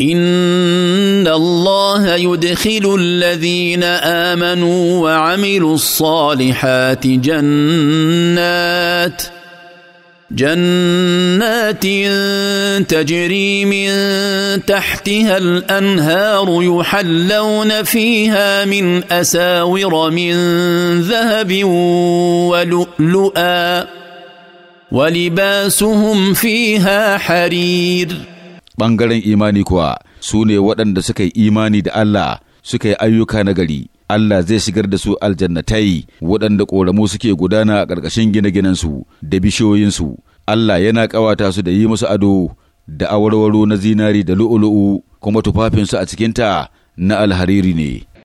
ان الله يدخل الذين امنوا وعملوا الصالحات جنات جنات تجري من تحتها الانهار يحلون فيها من اساور من ذهب ولؤلؤا ولباسهم فيها حرير ɓangaren imani kuwa su ne waɗanda suka yi imani da Allah suka yi ayyuka nagari. Allah zai shigar da su aljannatai waɗanda ƙoramu suke gudana a ƙarƙashin gine-ginensu da bishiyoyinsu. Allah yana ƙawata su da yi musu ado da awarwaro na zinari da lu'u-lu'u kuma tufafinsu a cikinta na alhariri ne.